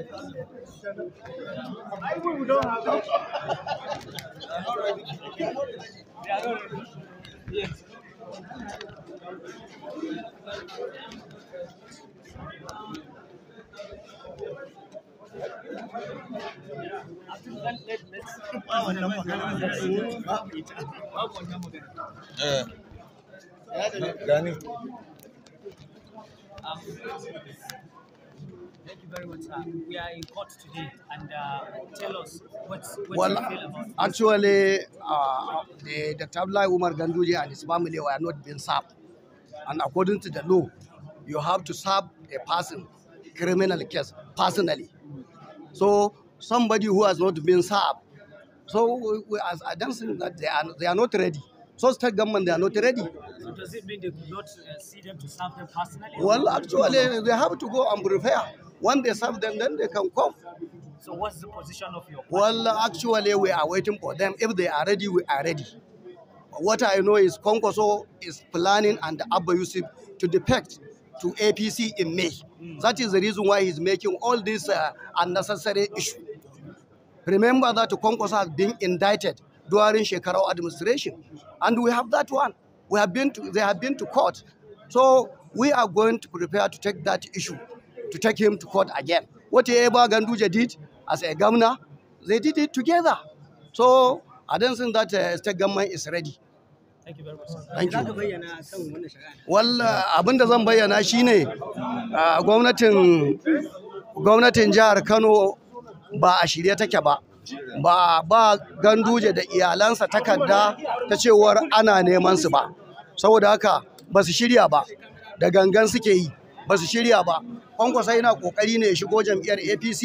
I will don't have that. Yes. Uh, Thank you very much, sir. We are in court today, and uh, tell us what, what well, you feel about Actually, uh, the, the Tabla Umar Ganduji and his family were not being served. And according to the law, you have to serve a person, criminal case, personally. So somebody who has not been served. So we, we, as I don't think that they are, they are not ready. So state government, they are not ready does it mean they could not uh, see them to serve them personally? Well, actually, they have to go and prepare. When they serve them, then they can come. So what's the position of your party? Well, actually, we are waiting for them. If they are ready, we are ready. What I know is Konkoso is planning and Abba Yusuf to defect to APC in May. Mm. That is the reason why he's making all these uh, unnecessary issues. Remember that Konkoso has been indicted during Shekarao administration, and we have that one. We have been to, they have been to court. So we are going to prepare to take that issue, to take him to court again. Eba Ganduja did as a governor, they did it together. So I don't think that uh, state government is ready. Thank you very much. Well, abin da zan bayyana shine uh, gwamnatin gwamnatin jihar Kano ba a shirye take ba. ba ba ganduje da iyalansa takarda ta cewar ana neman su ba saboda haka ba su shirya ba da gangan suke yi ba su shirya ba sai yana kokari ne ya shigo jam'iyyar apc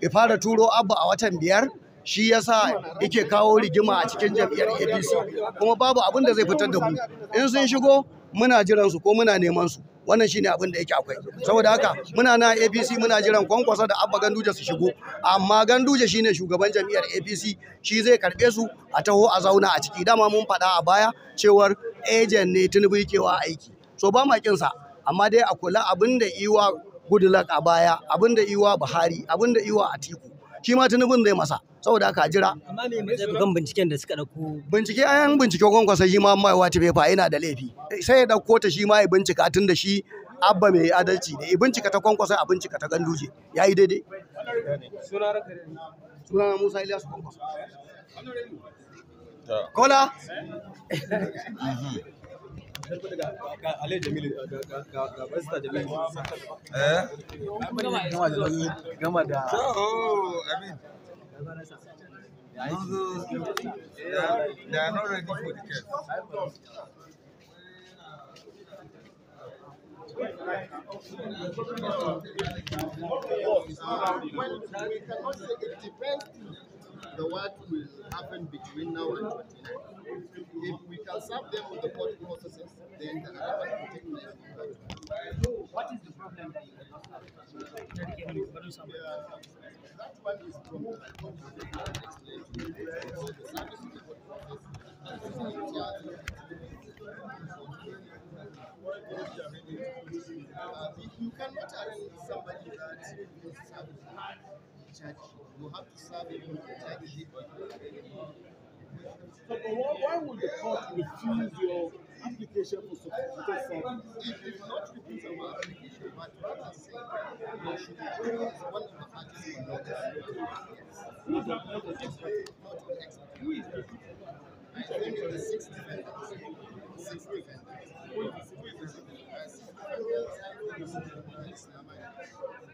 ya fara turo abba a watan biyar shi yasa yake kawo rigima a cikin jam'iyyar apc kuma babu abin da zai fitar da mu in sun shigo muna jiransu ko muna neman su wannan shine abin da yake akwai saboda haka muna na apc muna jiran kwankwasa da abba ganduje su shigo amma ganduje shine shugaban jam'iyyar apc shi zai karbe su a taho a zauna a ciki dama mun faɗa a baya cewar ejen ne tinubu wa aiki so ba ma kinsa amma dai a kula abin da iwa goodluck a baya abin da iwa buhari abin da iwa atiku shi ma tinubun zai masa saboda ka jira amma me mai zai kan binciken da suka dauko bincike ayan bincike kwankwasa shi ma mai wace fa yana da laifi sai ya dauko ta shi ma ya bincika tun da shi abba mai adalci ne ya bincika ta kwankwasa a bincika ta ganduje yayi daidai na Musa Ilyasu kwankwasa kola eh? Gama da. Those, they, are, they are not ready for the test. It depends the what will happen between now and 29. If we can serve them with the court processes, then the Arabs will What is the problem that you cannot serve? Yeah, that one is from the court uh, you cannot arrange somebody that have to serve him But why, why would the court refuse your application for support If you not refuse our application, but rather say should be one of the parties Who is that not an expert? Not an expert. Who is that? I think the Who is the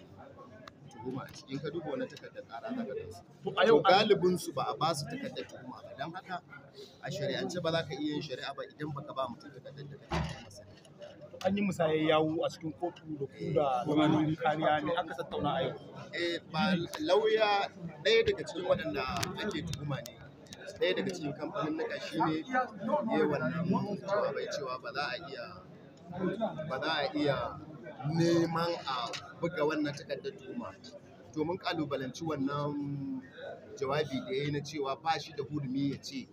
tuhuma a cikin ka duba wani takardar ƙara za ka gansu to galibin su ba a ba su takardar tuhuma ba don haka a shari'ance ba za ka iya yin shari'a ba idan baka ba mutum takardar da kake masa an yi musayar yawo a cikin kotu da ku da lauyoyin eh, kariya ne aka tattauna a yau eh ba lauya ɗaya daga cikin waɗanda ake tuhuma ne ɗaya daga cikin kamfanin na shi ne ya yi wannan cewa bai cewa ba za a iya ba za a iya neman a buga wannan takardar tuhuma to mun kalubalanci wannan jawabi da ya na cewa ba shi da hurumi ya ce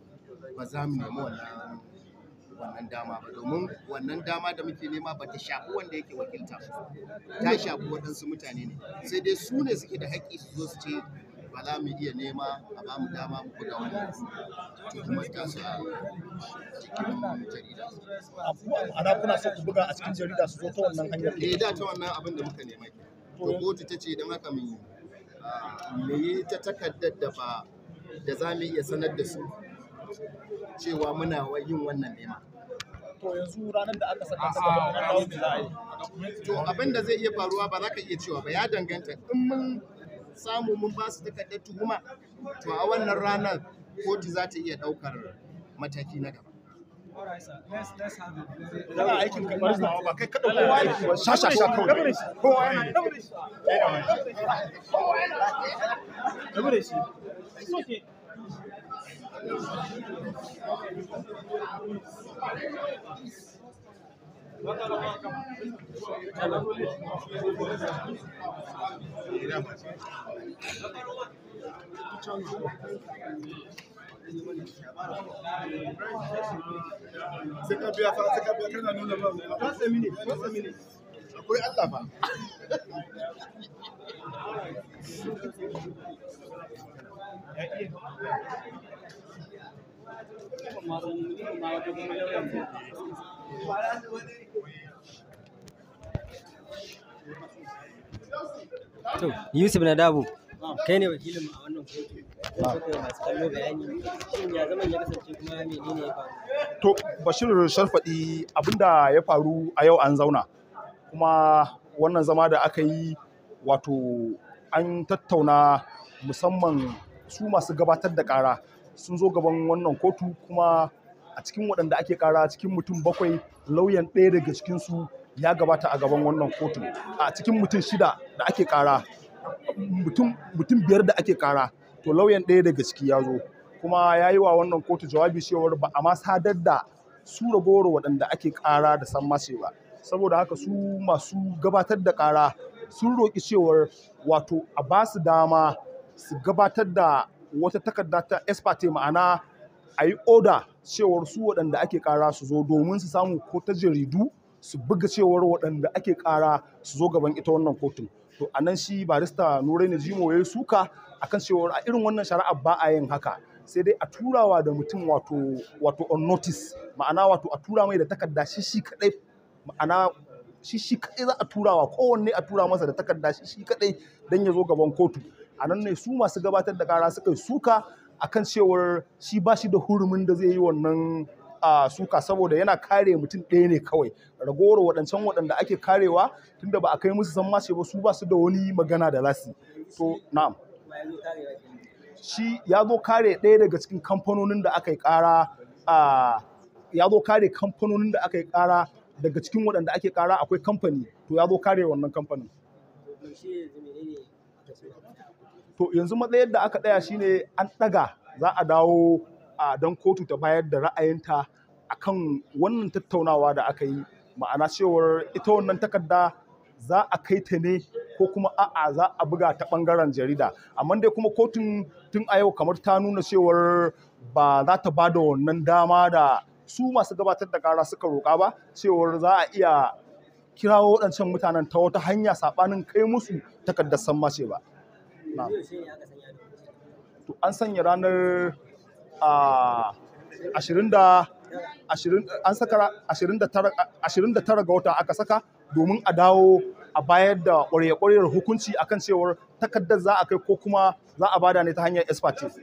ba za mu nemi wannan dama ba domin wannan dama da muke nema ba ta shafi wanda yake wakilta ta shafi waɗansu mutane ne sai dai su ne suke da haƙƙi su zo su ce ba za mu iya nema a ba mu dama mu buga wannan tuhumar tasu a cikin jarida. Ana kuna so ku buga a cikin jarida su zo ta wannan hanyar? Eh da ta wannan abin da muka nema. To kotu ta ce don haka mu yi ta takardar da ba da za mu iya sanar da su cewa muna yin wannan nema. To yanzu ranar da aka saka su gaba ranar da za a yi. To abin da zai iya faruwa ba za ka iya cewa ba ya danganta in mun samu mun ba su takardar tuhuma to a wannan ranar kotu za ta iya ɗaukar mataki na gaba. Kana aikin Você cambiou a fala, você cambiou a cada nuna, vamos. Avança, menino, avança, é menino. Apoio Allah, vá. Mas To, Yusuf na dabu, kai ne wakilin mu a wannan kotu. Ah. masu kallo bayani, shin ya ya kasance kuma menene ya faru? To, Bashir Sharfadi abinda ya faru a yau an zauna. Kuma wannan zama da aka yi wato an tattauna musamman su masu gabatar da ƙara sun zo gaban wannan kotu kuma a cikin waɗanda ake ƙara cikin mutum bakwai lauyan ɗaya daga cikinsu ya gabata a gaban wannan kotu a cikin mutum shida da ake ƙara mutum biyar da ake ƙara to lauyan ɗaya daga ciki ya zo kuma ya yi wa wannan kotu jawabi cewar ba a ma sadar da su ragoro waɗanda ake ƙara da san mace ba saboda haka su masu gabatar da ƙara sun roƙi cewar wato a ba su dama su gabatar da wata takarda ta espate ma'ana a yi oda cewar su waɗanda ake kara su zo domin su samu ko ta jaridu su buga cewar waɗanda ake kara su zo gaban ita wannan kotun to a nan shi barista nurai jimo ya yi suka akan cewar a irin wannan shari'a ba a yin haka sai dai a turawa da mutum wato on notice ma'ana wato a tura mai da takarda shi shi kadai ma'ana shi kadai za a turawa kowanne a tura masa da takarda shi shi kadai dan ya zo gaban kotu a nan ne su masu gabatar da kara suka yi suka akan cewar shi ba shi da hurumin da zai yi wannan a suka saboda yana kare mutum ɗaya ne kawai ragowar waɗancan waɗanda ake karewa tunda ba a kai musu san mace ba su ba su da wani magana da lasi to na'am shi ya zo kare ɗaya daga cikin kamfanonin da aka yi ƙara ya zo kare kamfanonin da aka yi ƙara daga cikin waɗanda ake ƙara akwai kamfani to ya zo kare wannan kamfanin to yanzu matsayar da aka ɗaya shine an ɗaga za a dawo a don kotu ta bayar da ra'ayinta a kan wannan tattaunawa da aka yi ma'ana cewar ita wannan takarda za a kai ta ne ko kuma a'a za a buga ta bangaren jarida amma dai kuma kotun tun a yau kamar ta nuna cewar ba za ta ba da wannan dama da su masu gabatar da kara suka roƙa ba cewar za a iya kirawo waɗancan mutanen ta wata hanya saɓanin kai musu takardar mace ba. to an sanya ranar ashirin da ashirin da tara ga wata aka saka domin a dawo a bayar da ƙwarya-ƙwaryar hukunci akan cewar takardar za a kai ko kuma za a bada ne ta hanyar expertise.